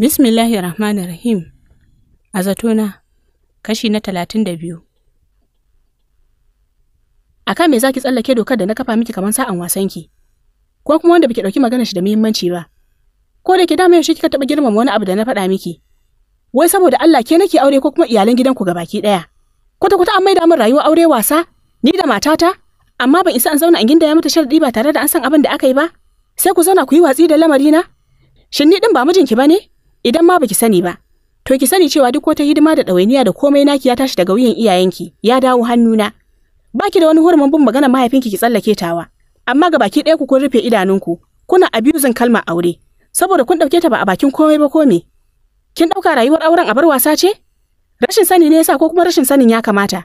Bismillahi Rahmanir Rahim, a zatona, kashi na talatin da biyu. A kan me za ki tsallake dokar da na kafa miki kamar sa'an wasanki, ko kuma wanda baki ɗauki magana shi da muhimmanci ba, ko da ke dama yaushe kika taɓa girmama wani abu da na faɗa miki. Wai saboda Allah ke nake aure ko kuma iyalan gidanku gabaki ɗaya. Kwata kwata an maida min rayuwar aure wasa, ni da matata, amma ban isa an zauna in gindaya mata sharaɗi ba tare da an san abin da aka yi ba. Sai ku zauna ku yi watsi da lamarina? Shin ni ɗin ba mijinki ba ne? idan ma baki sani ba to ki sani cewa duk wata hidima da ɗawainiya da komai naki ya tashi daga wuyan iyayenki ya dawo hannuna baki da wani hurumin bin magana mahaifinki ki tsallake tawa amma ga baki ɗaya ku kun rufe idanunku kuna abusing kalma aure saboda kun ɗauke ta ba a bakin komai ba ko me kin ɗauka rayuwar auren a bar wasa ce rashin sani ne yasa ko kuma rashin sanin ya kamata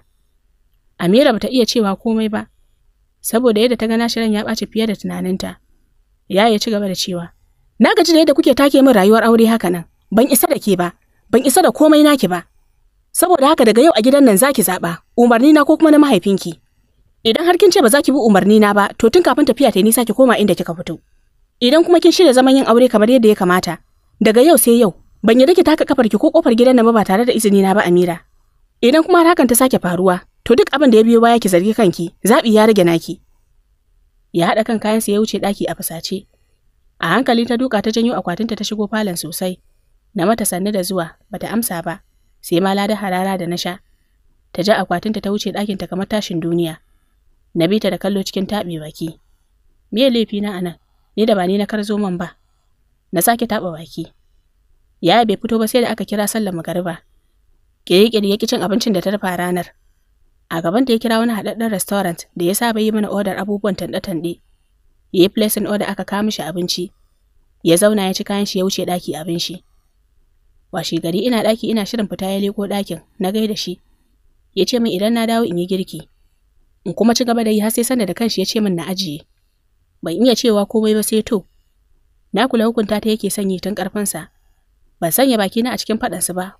Amira bata iya cewa komai ba saboda yadda ta ga shirin ya ɓaci fiye da tunaninta ya ya ci gaba da cewa Na gaji da yadda kuke take min rayuwar aure haka nan. Ban isa da ke ba, ban isa da komai naki ba. Saboda haka daga yau a gidan nan zaki zaɓa, umarni na ko kuma na mahaifinki. Idan har kin ce ba za ki bi umarni na ba, to tun kafin tafiya ta nisa ki koma inda kika fito. Idan kuma kin shirya zaman yin aure kamar yadda ya kamata, daga yau sai yau, ban yi ki taka kafar ki ko kofar gidan nan ba tare da izini na ba Amira. Idan kuma har hakan ta sake faruwa, to duk abin da ya biyo baya ki zargi kanki, zaɓi ya rage naki. Ya haɗa kan kayan sa ya wuce ɗaki a fusace, A hankali ta duka ta janyo akwatinta ta shigo falon sosai. Na mata Sanne da zuwa, bata amsa ba, sai ma lada harara da na sha. Ta ja akwatinta ta wuce ta kamar tashin duniya. Na bi ta da kallo cikin taɓe baki. Me laifi na anan? Ni da ba ni na karzo man ba. Na sake taɓa baki. Yaya bai fito ba sai da aka kira sallar magariba. Ƙirƙiri ya cin abincin da ta rufa ranar. A gaban da ya kira wani haɗaɗɗen restaurant da ya saba yi mana odar abubuwan tanɗe-tanɗe. ya yi placing order aka kama shi abinci ya zauna ya ci kayan shi ya wuce ɗaki abin shi washe gari ina ɗaki ina shirin fita ya leko ɗakin na gaida shi ya ce min idan na dawo in yi girki in kuma ci gaba da yi har sai sanda da kanshi ya ce min na ajiye ban iya cewa komai ba sai to na kula hukunta ta yake sanyi tun karfinsa ban sanya baki na a cikin faɗansu ba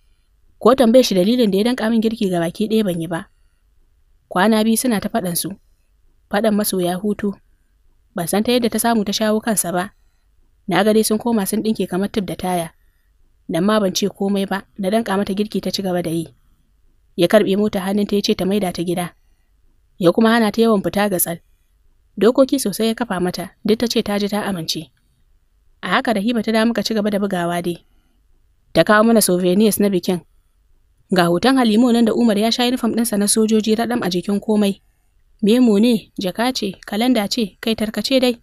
ko tambaye shi dalilin da ya danka min girki ga baki ɗaya ban yi ba kwana biyu suna ta faɗansu faɗan masoya hutu ban san ta yadda ta samu ta shawo kansa ba na ga dai sun koma sun ɗinke kamar tub da taya Dan ma ban ce komai ba na danka mata girki ta ci gaba da yi ya karɓe mota hannunta ya ce ta maida ta gida ya kuma hana ta yawan fita ga tsal dokoki sosai ya kafa mata duk ta ce ta ji ta amince a haka da hiba ta da muka ci da bugawa dai ta kawo mana souvenirs na bikin ga hoton halimu nan da umar ya sha uniform ɗinsa na sojoji raɗam a jikin komai Memo ne, jaka ce, kalanda ce, kai tarkace dai.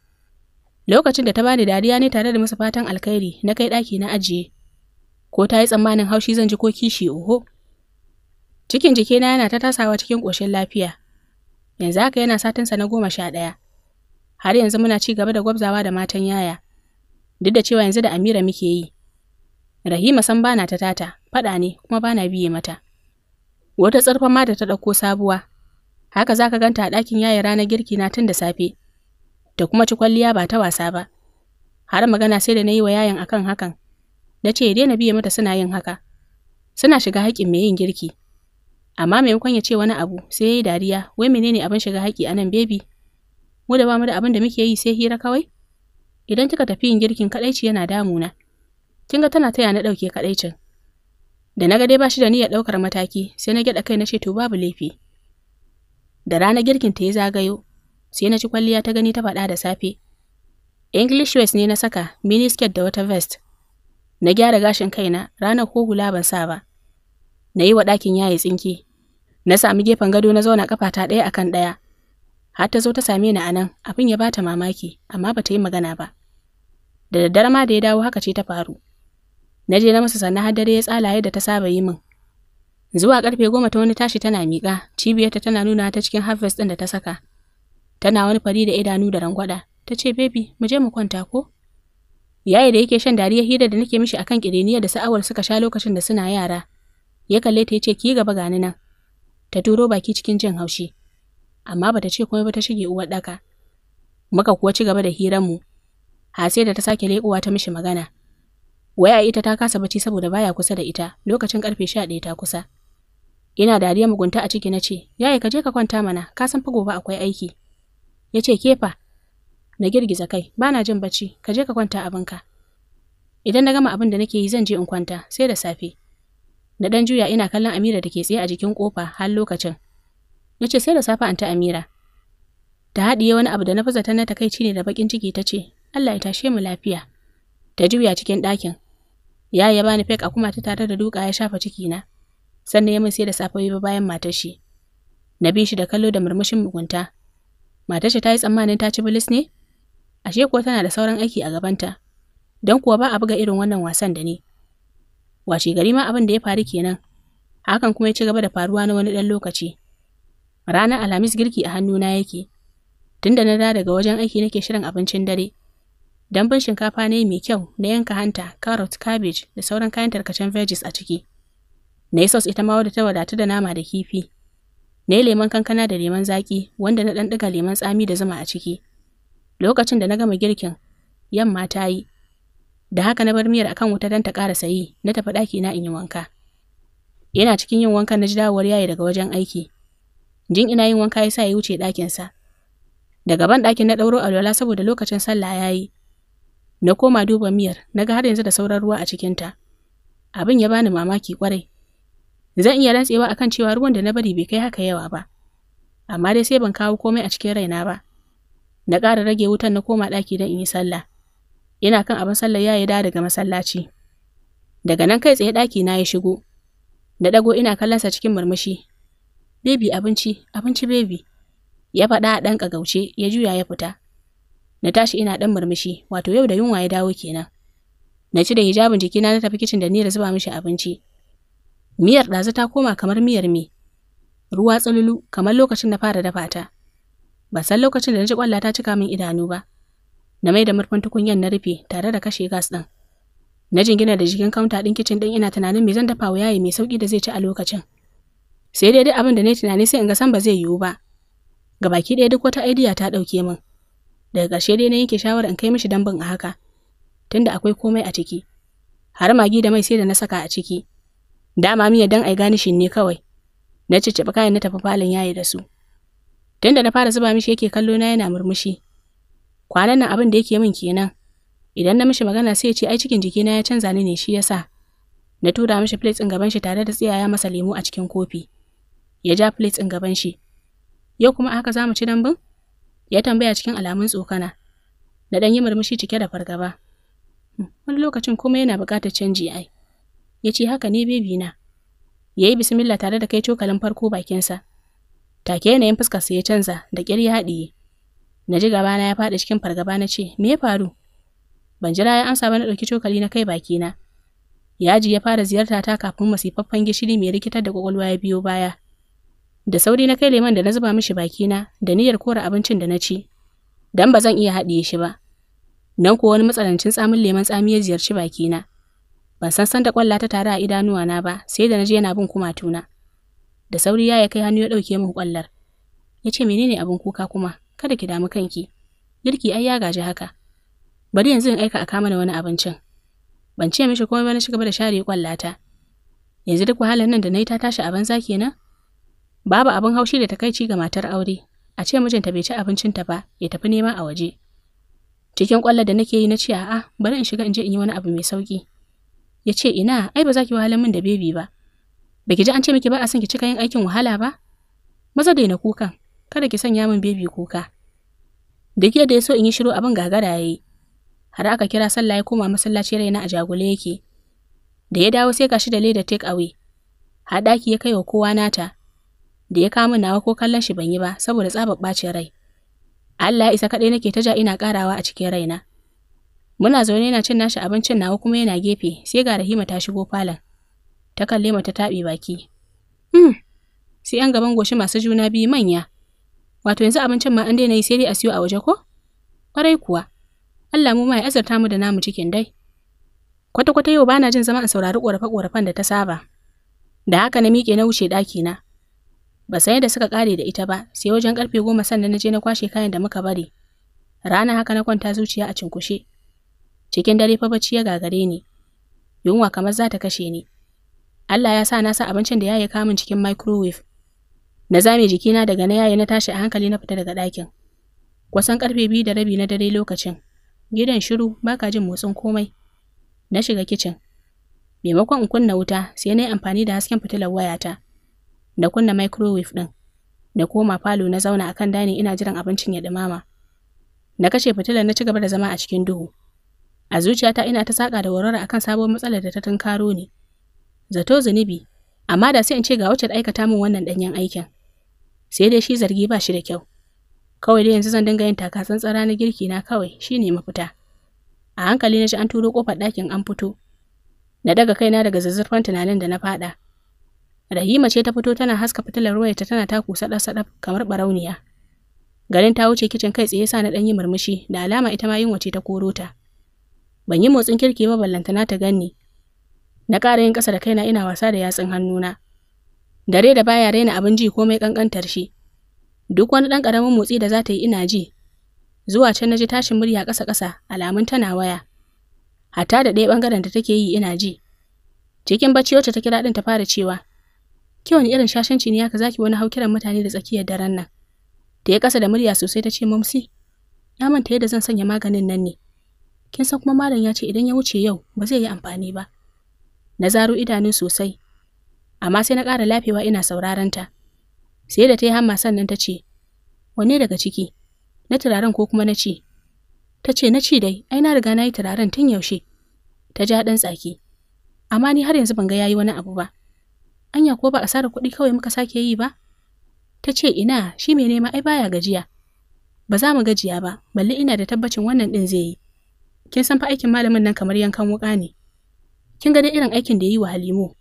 Lokacin da ta bani dariya ne tare da masa fatan alkhairi na kai ɗaki na ajiye. Ko ta yi tsammanin haushi zan ji ko kishi oho. Cikin jikina yana ta tasawa cikin ƙoshin lafiya. Yanzu haka yana satinsa na goma sha ɗaya. Har yanzu muna ci gaba da gwabzawa da matan yaya. Duk da cewa yanzu da Amira muke yi. Rahima san bana ta tata, faɗa ne kuma bana biye mata. Wata tsarfan ma da ta ɗauko sabuwa, Haka za ka ganta a ɗakin yaya ranar girki na tun da safe, da kuma ci kwalliya ba ta wasa ba. Har magana sai da na yi wa a akan hakan, na ce ya daina biye mata suna yin haka. Suna shiga haƙƙin mai yin girki. Amma maimakon ya ce wani abu sai ya yi dariya, wai menene abin shiga haƙƙi a nan bebi? Mu da ba mu da abin da muke yi sai hira kawai? Idan kika tafi yin girkin kaɗaici yana damuna. Kin ga tana taya na ɗauke kaɗaicin. Da na ga dai ba shi da niyyar ɗaukar mataki, sai na gyaɗa kai na ce to babu laifi. Da rana girkin ta yi zagayo, sai na ci kwalliya ta gani ta faɗa da safe. English West ne na saka miniskirt da wata vest. Na gyara gashin kaina ranar ko hula ban sa ba. Na yi wa ɗakin yayi tsinki. Na sami gefen gado na zauna ta ɗaya akan ɗaya. Har ta zo ta same ni a nan, abin ya bata mamaki, amma ba ta yi magana ba. Da daddare ma da ya dawo haka ce ta faru. Na je na masa sannan har dare ya tsala yadda ta saba yi min, Zuwa karfe goma ta wani tashi tana miƙa, cibiyarta tana nuna ta cikin harvest ɗin da ta saka. Tana wani fari da idanu da rangwada, ta ce baby mu je mu kwanta ko? Yayi da yake shan dariya hira da nake mishi akan kireniya da sa'awar suka sha lokacin da suna yara. Ya kalle ta yace ki gaba gani nan. Ta turo baki cikin jin haushi. Amma bata ce komai ba ta shige uwar daka. Muka kuwa ci gaba da hiran mu. sai da ta sake lekuwa ta mishi magana. Waya ita ta kasa bacci saboda baya kusa da ita lokacin karfe ɗaya ta kusa. Ina dariya mugunta a ciki na ce, Yaya ka je ka kwanta mana, ka san fa gobe akwai aiki. yace ce, Kefa, na girgiza kai, Bana jin bacci, ka je ka kwanta abinka. Idan na gama abin da nake yi zan je in kwanta, sai da safe. Na dan juya ina kallon Amira da ke tsaye a jikin kofa har lokacin. Na sai da safe an Amira. Ta haɗiye wani abu da na fazata na takaici ne da bakin ciki ta ce, Allah ya tashe mu lafiya. Ta juya cikin ɗakin. Yaya ya bani fake akuma ta tare da duka ya shafa ciki na sannan ya min sai da safe ba bayan matar shi na bi shi da kallo da murmushin mugunta matar shi ta yi tsammanin ta ci bilis ne ashe kuwa tana da sauran aiki a gabanta don kuwa ba a buga irin wannan wasan da ni Wace gari ma abin da ya faru kenan hakan kuma ya ci gaba da faruwa na wani ɗan lokaci ranar alhamis girki a hannuna yake tunda na da daga wajen aiki nake shirin abincin dare dambun shinkafa ne mai kyau na yanka hanta, carrot, cabbage da sauran kayan tarkacen veggies a ciki. Na sos ita ma wadda ta wadatu da nama da kifi. Na yi lemon kankana da lemon zaƙi wanda na ɗan ɗiga lemon tsami da zuma a ciki. Lokacin da na gama girkin, yamma ta yi. Da haka na bar miyar akan wuta don ta ƙara sayi, na tafi ɗaki na in yi wanka. Yana cikin yin wanka na ji dawowar yayi daga wajen aiki. Jin ina yin wanka ya sa ya wuce ɗakinsa. Daga ban ɗakin na ɗauro alwala saboda lokacin sallah ya yi. Na koma duba miyar, na ga har yanzu da sauran ruwa a cikinta. Abin ya bani mamaki ƙwarai. Zan iya rantsewa akan cewa ruwan da na bari bai kai haka yawa ba. Amma dai sai ban kawo komai a cikin raina ba. Na ƙara rage wutan na koma ɗaki don in yi sallah. Ina kan abin sallah ya yi da daga masallaci. Daga nan kai tsaye ɗaki na ya shigo. Da ɗago ina kallonsa cikin murmushi. Bebi abinci, abinci bebi. Ya faɗa a ɗan ƙagauce ya juya ya fita. Na tashi ina ɗan murmushi, wato yau da yunwa ya dawo kenan. Na ci da hijabin jikina na tafi kicin da ni zuba mishi abinci. Miyar ɗazu ta koma kamar miyar me, ruwa tsalulu, kamar lokacin na fara dafa ta. Ba san lokacin da na ji ƙwalla ta cika min idanu ba. Na mai da murfin tukunyan na rufe tare da kashe gas ɗin. Na jingina da jikin kaunta ɗin kicin ɗin ina tunanin me zan dafa wa yayi mai sauƙi da zai ci a lokacin. Sai dai duk abin da na yi tunani sai in ga san ba zai yiwu ba. Gabaki ɗaya duk wata aidiya ta ɗauke min. Daga ƙarshe dai na yanke shawarar in kai mishi dambun a haka. Tunda akwai komai a ciki. Har magi da mai sai da na saka a ciki. Dama miya dan ai shin ne kawai. Na cicciɓi kayan na tafi falon yayi da su. Tunda na fara zuba mishi yake kallo na yana murmushi. Kwanan nan abin da yake min kenan. Idan na mishi magana sai ya ce ai cikin jikina ya canza ni ne shi yasa. Na tura mishi plate ɗin gaban shi tare da tsiyaya masa lemu a cikin kofi. Ya ja plate ɗin gaban shi. Yau kuma haka zamu ci dambun? Ya tambaya cikin alamun tsokana. Na ɗan yi murmushi cike da fargaba. Hmm, wani lokacin kuma yana bukatar canji ai. ya ce haka ne bebi na ya yi bismillah tare da kai cokalin farko bakinsa take yanayin fuskarsa ya canza da ƙyar ya haɗiye na ji gabana ya faɗi cikin fargaba na ce me ya faru ban jira ya amsa ba na ɗauki cokali na kai bakina yaji ya fara ziyarta ta kafin masifaffen gishiri mai rikitar da kwakwalwa ya biyo baya da sauri na kai leman da na zuba mishi bakina da niyyar kore abincin da na ci dan ba zan iya haɗiye shi ba nan ko wani matsanancin tsamin leman tsami ya ziyarci bakina Ban san san da kwalla ta tare a idanuwana ba, sai da naji yana bin kumatuna. Da sauri ya kai hannu ya dauke min kwallar. Ya ce menene abin kuka kuma, kada ki damu kanki. Girki ai ya gaji haka. Bari yanzu in aika a kama da wani abincin. Ban ce mishi komai ba na shiga da share kwallata. Yanzu duk wahalar nan da na yi ta tashi a banza kenan? Babu abin haushi da takaici ga matar aure. A ce mijinta bai ci abincin ta ba, ya tafi nema a waje. Cikin kwallar da nake yi na ce a'a, bari in shiga in je in yi wani abu mai sauki. ya ce ina ai ba za ki wahalar min da bebi ba ba ki ji an ce miki ba a son ki cika yin aikin wahala ba maza daina kukan kada ki sanya min bebi kuka da ke da ya so in yi shiru abin gagara ya har aka kira sallah ya koma masallaci raina a jagule yake da ya dawo sai gashi da leda take away har ɗaki ya kai wa kowa nata da ya kama nawa ko kallon shi ban yi ba saboda tsabar ɓacin rai Allah ya isa kaɗai nake ta ja ina ƙarawa a cikin raina Muna zaune yana cin nashi abincin nawa kuma yana gefe, sai ga Rahima ta shigo falon. Ta kalle mata taɓi baki. Hmm, sai an gaban goshi masu juna biyu manya. Wato yanzu abincin ma an daina yi sai dai a siyo a waje ko? Kwarai kuwa. Allah mu ma ya azarta mu da namu cikin dai. Kwata-kwata yau bana jin zama in saurari ƙorafe-ƙorafen da ta saba. Da haka na miƙe na wuce na Ba san yadda suka kare da ita ba, sai wajen ƙarfe goma sannan na je na kwashe kayan da muka bari. Rana haka na kwanta zuciya a cinkushe. Cikin dare fa bacci ya gagare ni. Yunwa kamar za ta kashe ni. Allah ya sa na sa abincin da yayi kamun cikin microwave. Na zame jikina daga na yaye na tashi a hankali na fita daga ɗakin. Kusan karfe biyu da rabi na dare lokacin. Gidan shiru baka jin motsin komai. Na shiga kicin. Maimakon in kunna wuta sai na yi amfani da hasken fitilar wayata. Na kunna microwave ɗin. Na koma falo na zauna akan dani ina jiran abincin ya ɗumama. Na kashe fitilar na ci gaba da zama a cikin duhu. A zuciyata ina ta saƙa da warwara akan sabon matsalar da ta tunkaro ni. Zato zunubi, amma da sai in ce ga wacce da aikata min wannan danyen aikin. Sai dai shi zargi ba shi da kyau. Kawai dai yanzu zan dinga yin taka tsantsara na girki na kawai shi ne mafita. A hankali na ji an turo kofar ɗakin an fito. Na daga kaina daga zazzurfan tunanin da na faɗa. Rahima ce ta fito tana haska fitilar wayata tana taku saɗaf-saɗaf kamar barauniya. Garin ta wuce kicin kai tsaye sa na ɗan murmushi da alama ita ma yin wace ta korota. Ban yi motsin kirki ba ballantana ta ganni. Na ƙara yin ƙasa da kaina ina wasa da yatsun hannuna. Dare da baya raina abin ji komai ƙanƙantar shi. Duk wani ɗan ƙaramin motsi da za ta yi ina ji. Zuwa can na ji tashin murya ƙasa-ƙasa alamun tana waya. Hatta da ɗaya ɓangaren da take yi ina ji. Cikin bacci wacce ta kira ɗin ta fara cewa, Ki wani irin shashanci ne ka zaki wani haukiran mutane da tsakiyar daren nan. Ta yi ƙasa da murya sosai ta ce, Mamsi, Ya manta yadda zan sanya maganin nan ne. kin san kuma malam ya ce idan ya wuce yau ba zai yi amfani ba na zaro idanun sosai amma sai na ƙara lafewa ina sauraron ta sai da ta yi hamma sannan ta ce wanne daga ciki na turaren ko kuma na ci. ta ce na ci dai ai na riga na yi turaren tun yaushe ta ja ɗan tsaki amma ni har yanzu ban ga yayi wani abu ba anya ko ba a sara kuɗi kawai muka sake yi ba ta ce ina shi mai nema ai baya gajiya ba za mu gajiya ba balle ina da tabbacin wannan ɗin zai yi kin san fa aikin malamin nan kamar yankan wuka ne kin ga dai irin aikin da yayi wa Halimu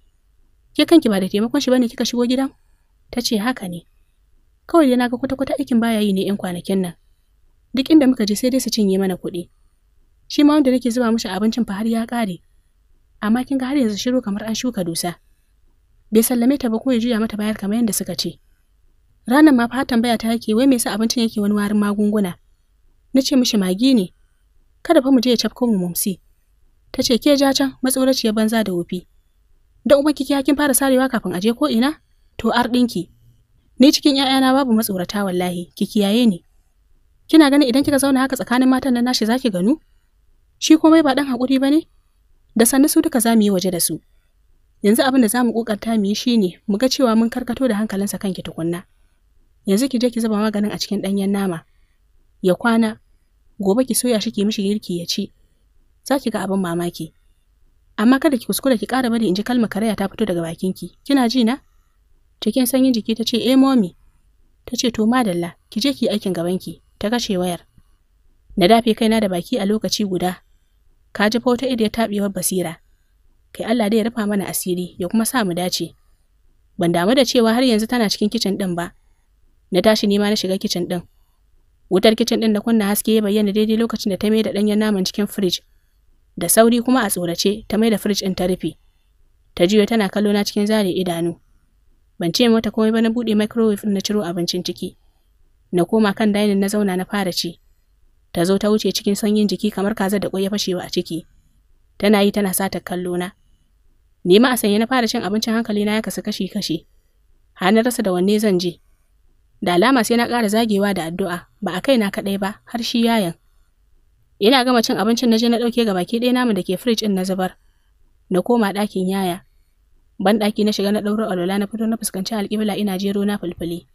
ke kanki ba da taimakon shi bane kika shigo gidan ta ce haka ne kawai dai naga kwata kwata aikin baya yi ne yan kwanakin nan duk inda muka je sai dai su cinye mana kuɗi shi ma wanda nake zuba mishi abincin fa har ya kare. amma kin ga har yanzu shiru kamar an shuka dusa bai sallame ta ba ko ya juya mata bayar kamar yadda suka ce ranan ma fa tambaya ta yake wai me yasa abincin yake wani warin magunguna nace ce mishi magi ne kada fa mu je ya cafko mu mumsi ta ce ke ja can matsoraciyar banza da wofi da uban kiki kin fara sarewa kafin aje ko ina to ar ɗinki. ni cikin 'ya'yana babu matsorata wallahi ki kiyaye ni kina ganin idan kika zauna haka tsakanin matan nan nashi zaki ganu shi komai ba dan hakuri ne? da sannu su duka za mu yi waje da su yanzu abin da za mu kokarta mu yi ne mu ga cewa mun karkato da hankalinsa kanki tukunna yanzu ki je ki zuba maganin a cikin danyen nama ya kwana gobe ki soya shi ki mishi girki ya ci za ki ga abin mamaki amma kada ki kuskura ki ƙara bari in ji kalmar karaya ta fito daga bakin ki kina ji na cikin sanyin jiki ta ce eh mommy ta ce to madalla ki je ki aikin gaban ki ta kashe wayar na dafe kaina da baki a lokaci guda ka ji wata ido ya taɓewar basira kai Allah dai ya rufa mana asiri ya kuma sa mu dace ban damu da cewa har yanzu tana cikin kicin ɗin ba na tashi nema na shiga kicin ɗin Wutar kicin ɗin da kunna haske ya bayyana daidai lokacin da ta mai da danyen naman cikin firij. Da sauri kuma a tsorace ta mai da firij ɗin ta rufe. Ta jiyo tana kallo na cikin zare idanu. Ban ce mata komai ba na buɗe microwave na ciro abincin ciki. Na koma kan dainin na zauna na fara ci. Ta zo ta wuce cikin sanyin jiki kamar kaza da ƙwai ya fashewa a ciki. Tana yi tana sata kallo na. Ni a sanye na fara cin abincin hankali na ya kasu kashi-kashi. Har na rasa da wanne zan je. Da alama sai na ƙara zagewa da addu'a, ba a kaina kaɗai ba, har shi yayan. Ina gama cin abincin na je na ɗauke ga baki ɗaya namu da ke firij ɗin na zubar. Na koma ɗakin yaya. Ban ɗaki na shiga na ɗaura alwala na fito na fuskanci alƙibla ina jero na fulfuli.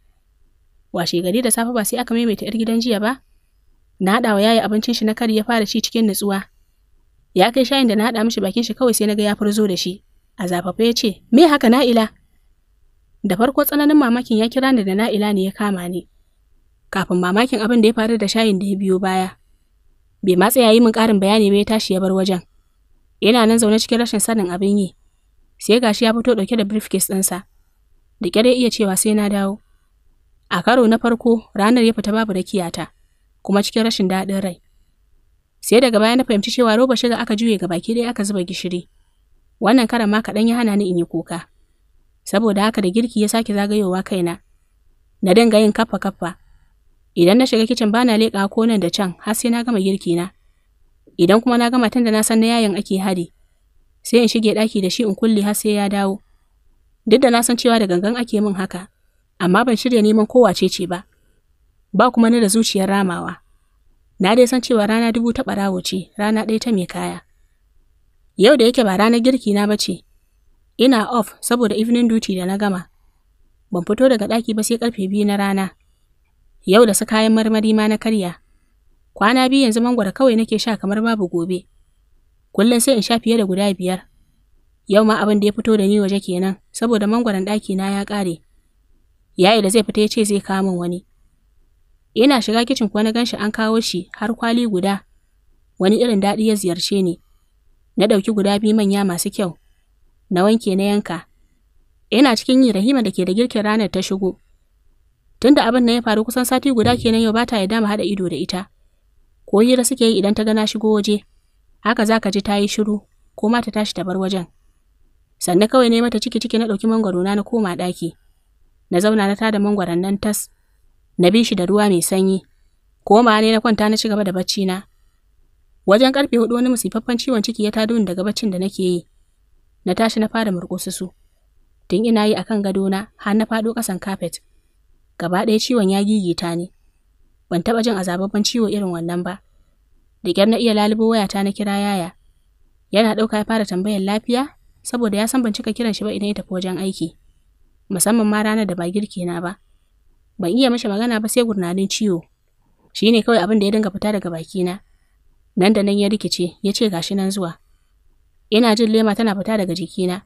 Washe gari da safe ba sai aka maimaita 'yar gidan jiya ba? Na haɗa wa yaya abincin shi na kari ya fara ci cikin nutsuwa. Ya kai shayin da na haɗa mishi bakin shi kawai sai na ga ya furzo da shi. A zafafa ya ce, Me haka na ila." Da farko tsananin mamakin ya kira ni da na'ila ne ya kama ni. Kafin mamakin abin da ya faru da shayin da ya biyo baya. Bai ma tsaya yi min ƙarin bayani ba ya tashi ya bar wajen. Yana nan zaune cikin rashin sanin abin yi. Sai gashi ya fito ɗauke da briefcase ɗinsa. Da ƙyar ya iya cewa sai na dawo. A karo na farko ranar ya fita babu rakiyata, kuma cikin rashin daɗin rai. Sai daga baya na fahimci cewa roba shiga aka juye ga baki ɗaya aka zuba gishiri. Wannan karan ma kaɗan ya hana ni in yi kuka. saboda haka da girki ya sake zagayowa kaina. Na dinga yin kaffa kaffa. Idan na shiga kicin bana leƙa ko nan da can har sai na gama girki na. Idan kuma na gama tunda na san na yayin ake hari, sai in shige ɗaki da shi in kulle har sai ya dawo. Duk da na san cewa da gangan ake min haka, amma ban shirya neman kowace ce ba. Ba kuma ni da zuciyar ramawa. Na dai san cewa rana dubu ta ɓarawo ce, rana ɗaya ta mai kaya. Yau da yake ba ranar girki na ba ce. Ina off saboda evening duty da na gama. Ban fito daga ɗaki ba sai karfe biyu na rana. Yau da su kayan marmari ma na karya. Kwana biyu yanzu mangwara kawai nake sha kamar babu gobe. Kullum sai in sha fiye da guda biyar. Yau ma abin da ya fito da ni waje kenan saboda mangwaron ɗaki na ya ƙare. Yayi da zai fita ya ce zai kawo wani. Ina shiga kicin kuwa na gan shi an kawo shi har kwali guda. Wani irin daɗi ya ziyarce ni. Na ɗauki guda biyu manya masu kyau na wanke na yanka. Yana cikin yi Rahima da ke da girkin ranar ta shigo. Tunda abin nan ya faru kusan sati guda kenan yau bata ya dama haɗa ido da ita. Ko hira suke yi idan ta gana shigo waje, haka za ka ji ta yi shiru ko ma ta tashi ta bar wajen. Sannan kawai ne mata ciki ciki na ɗauki mangwaro na na koma ɗaki. Na zauna na tada mangwaron nan tas, na bi shi da ruwa mai sanyi. Koma ne na kwanta na ci gaba da bacci na. Wajen ƙarfe hudu wani musifaffen ciwon ciki ya tado daga baccin da nake yi. na tashi na fara su. Tun ina yi a akan gadona har na faɗo ƙasan kafet. Gaba ɗaya ciwon ya gigita ni. Ban taɓa jin azababban ciwo irin wannan ba. Da ƙyar na iya lalubo wayata na kira yaya. Yana ɗauka ya fara tambayar lafiya saboda ya san ban cika kiran shi ba idan ya tafi wajen aiki. Musamman ma ranar da ba girki na ba. Ban iya mashi magana ba sai gurnanin ciwo. Shi ne kawai abin da ya dinga fita daga baki na. Nan da nan ya rikice ya ce gashi nan zuwa. Ina jin lema tana fita daga jikina,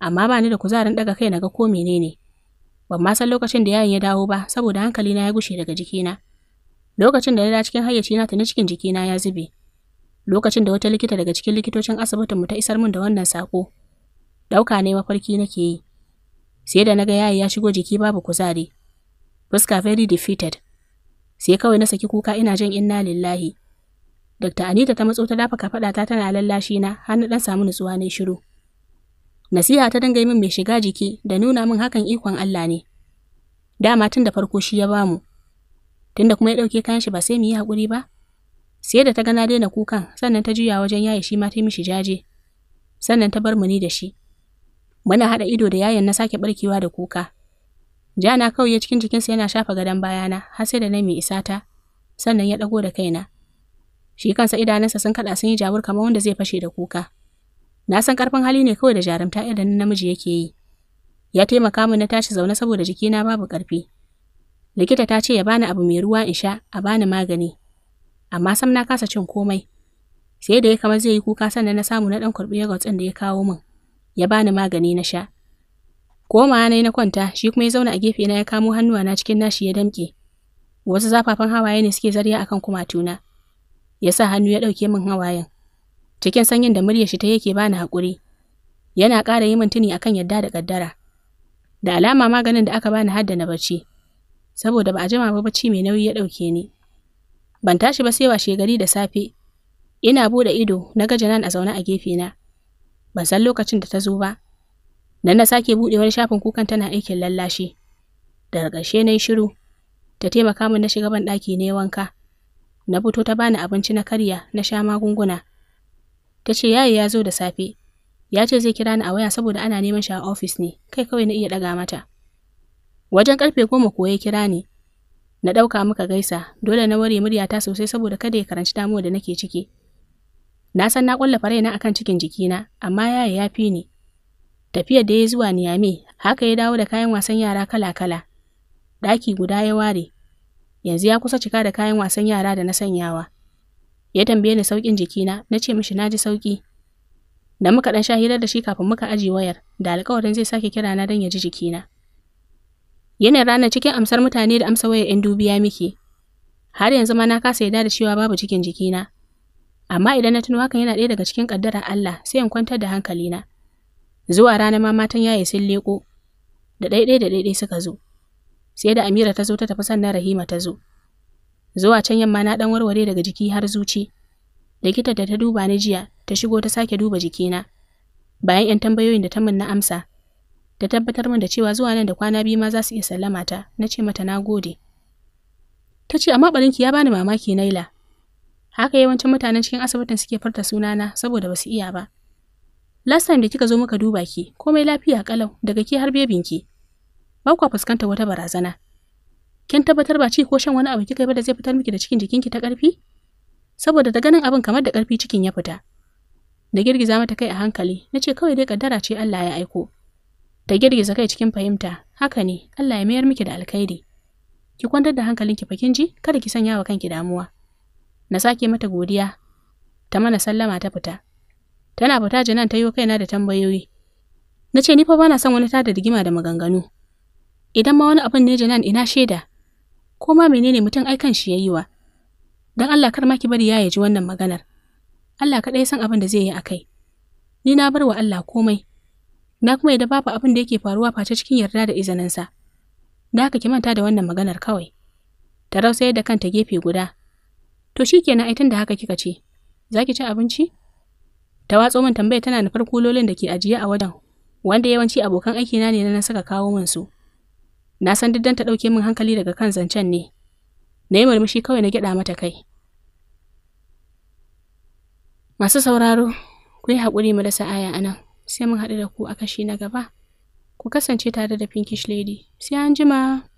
amma bani da kuzarin daga kai na ga ko menene. Ban ma san lokacin da yayin ya dawo ba saboda hankali na ya gushe daga jikina. Lokacin da na da cikin na tuni cikin jikina ya zube. Lokacin da wata likita daga cikin likitocin asibitin mu ta isar min da wannan sako, ɗauka ne mafarki nake yi. Sai da naga ga yayi ya shigo jiki babu kuzari. Fuska very defeated. Sai kawai na saki kuka ina jin inna lillahi. Dr. Anita ta matso ta dafa kafaɗa ta tana lallashi na har na dan samu nutsuwa ne shiru. Nasiha ta dinga min mai shiga jiki da nuna min hakan ikon Allah ne. Dama tun da farko shi ya bamu. Tunda kuma ya dauke kayan shi ba sai mu yi hakuri ba. Sai da ta gana daina kukan sannan ta juya wajen yaye shi ma ta mishi jaje. Sannan ta bar mu ni da shi. Muna haɗa ido da yayin na sake barkewa da kuka. Jana kawai ya cikin jikinsa yana shafa gadon bayana har sai da na mai isa ta. Sannan ya ɗago da kaina. Shi kansa idanunsa sun kaɗa sun yi jabur kamar wanda zai fashe da kuka. Na san ƙarfin hali ne kawai da jarumta idan namiji yake yi. Ya taimaka min na tashi zaune saboda jikina babu ƙarfi. Likita ta ce ya bani abu mai ruwa in sha, a bani magani. Amma sam na kasa cin komai. Sai da ya kamar zai yi kuka sannan na samu na ɗan kurbi ya gautsin da ya kawo min. Ya bani magani na sha. Koma na na kwanta, shi kuma ya zauna a gefe na ya kamo hannuwa na cikin nashi ya damke Wasu zafafan hawaye ne suke zariya akan kumatuna. ya sa hannu ya ɗauke min hawayen. Cikin sanyin da murya shi ta yake bani haƙuri, yana ƙara yi min tuni akan yadda da ƙaddara. Da alama maganin da aka bani hadda na bacci, saboda ba a jima ba bacci mai nauyi ya ɗauke ni. Ban tashi ba sai washe gari da safe, ina buɗe ido na ga Janan a zaune a gefe na. Ban san lokacin da ta zo ba. Nan na sake buɗe wani shafin kukan tana aikin lallashi. Daga ƙarshe na yi shiru, ta taimaka min na shiga ban ɗaki ne wanka. na fito ta bani abinci na karya na sha magunguna. Ta ce yayi ya zo da safe, ya ce zai kira ni a waya saboda ana neman shi a ofis ne, kai kawai na iya ɗaga mata. Wajen karfe goma ko ya kira ni, na ɗauka muka gaisa, dole na ware muryata sosai saboda kada ya karanci damuwa da nake ciki. Na san na ƙwallafa na akan cikin jikina, amma yayi ya fi ni. Tafiyar da ya zuwa Niyame, haka ya dawo da kayan wasan yara kala-kala. Ɗaki guda ya ware, yanzu ya kusa cika da kayan wasan yara da na sanyawa. Ya tambaye ni saukin jikina, na ce mishi na ji sauki Da muka ɗan sha hirar da shi kafin muka aje wayar, da alƙawarin zai sake kira na don ya ji jikina. Yana ranar cikin amsar mutane da amsa wayar 'yan dubiya miki. Har yanzu ma na kasa yarda da cewa babu cikin jikina. Amma idan na tuno hakan yana ɗaya daga cikin ƙaddarar Allah, sai in kwantar da hankalina. Zuwa rana ma matan yaye sun leƙo, da ɗaiɗai da ɗaiɗai suka zo. sai da Amira ta zo ta tafi sannan Rahima ta zo. Zuwa can yamma na dan warware daga jiki har zuci. Likita da ta duba ni jiya ta shigo ta sake duba jikina. Bayan 'yan tambayoyin da ta min na amsa, ta tabbatar min da cewa zuwa nan da kwana biyu ma za su iya sallama ta, na ce mata na gode. Ta ce amma barinki ya bani mamaki Naila. Haka yawancin mutanen cikin asibitin suke furta sunana saboda ba su iya ba. Last time da kika zo muka duba ki, komai lafiya kalau daga ki har bebin ki? ba kwa fuskantar wata barazana. Kin tabbatar ba ci ko shan wani abu kika yi ba da zai fitar miki da cikin jikinki ta ƙarfi? Saboda ta ganin abin kamar da ƙarfi cikin ya fita. Da girgiza mata kai a hankali, na ce kawai dai kaddara ce Allah ya aiko. Da girgiza kai cikin fahimta, haka ne, Allah ya mayar miki da alkhairi. Ki kwantar da hankalinki fa kin ji, kada ki sanya wa kanki damuwa. Na sake mata godiya, ta mana sallama ta fita. Tana fita jinan ta yi kaina da tambayoyi. Na ce ni fa bana son wani tada rigima da maganganu. Idan ma wani abin ne Janan ina shaida, ko ma menene mutum ai kan shi ya yi wa. Don Allah kar ma ki bari ya ji wannan maganar. Allah kaɗai san abin da zai yi akai Ni na bar wa Allah komai, na kuma yadda babu abin da yake faruwa face cikin yarda da sa Da haka ki manta da wannan maganar kawai. Ta rausa da kanta gefe guda. To shi kenan ai da haka kika ce, zaki ci abinci? Ta watso min tambaya tana nufar kulolin da ke ajiye a wajen, wanda yawanci abokan aikina ne na saka kawo min su. Na san diddan ta ɗauke min hankali daga kan zancen ne. Na yi murmushi kawai na gyaɗa mata kai. Masu sauraro, ku yi haƙuri mu dasa aya a nan, sai mun haɗu da ku a kashi na gaba. Ku kasance tare da Pinkish Lady. Sai an jima.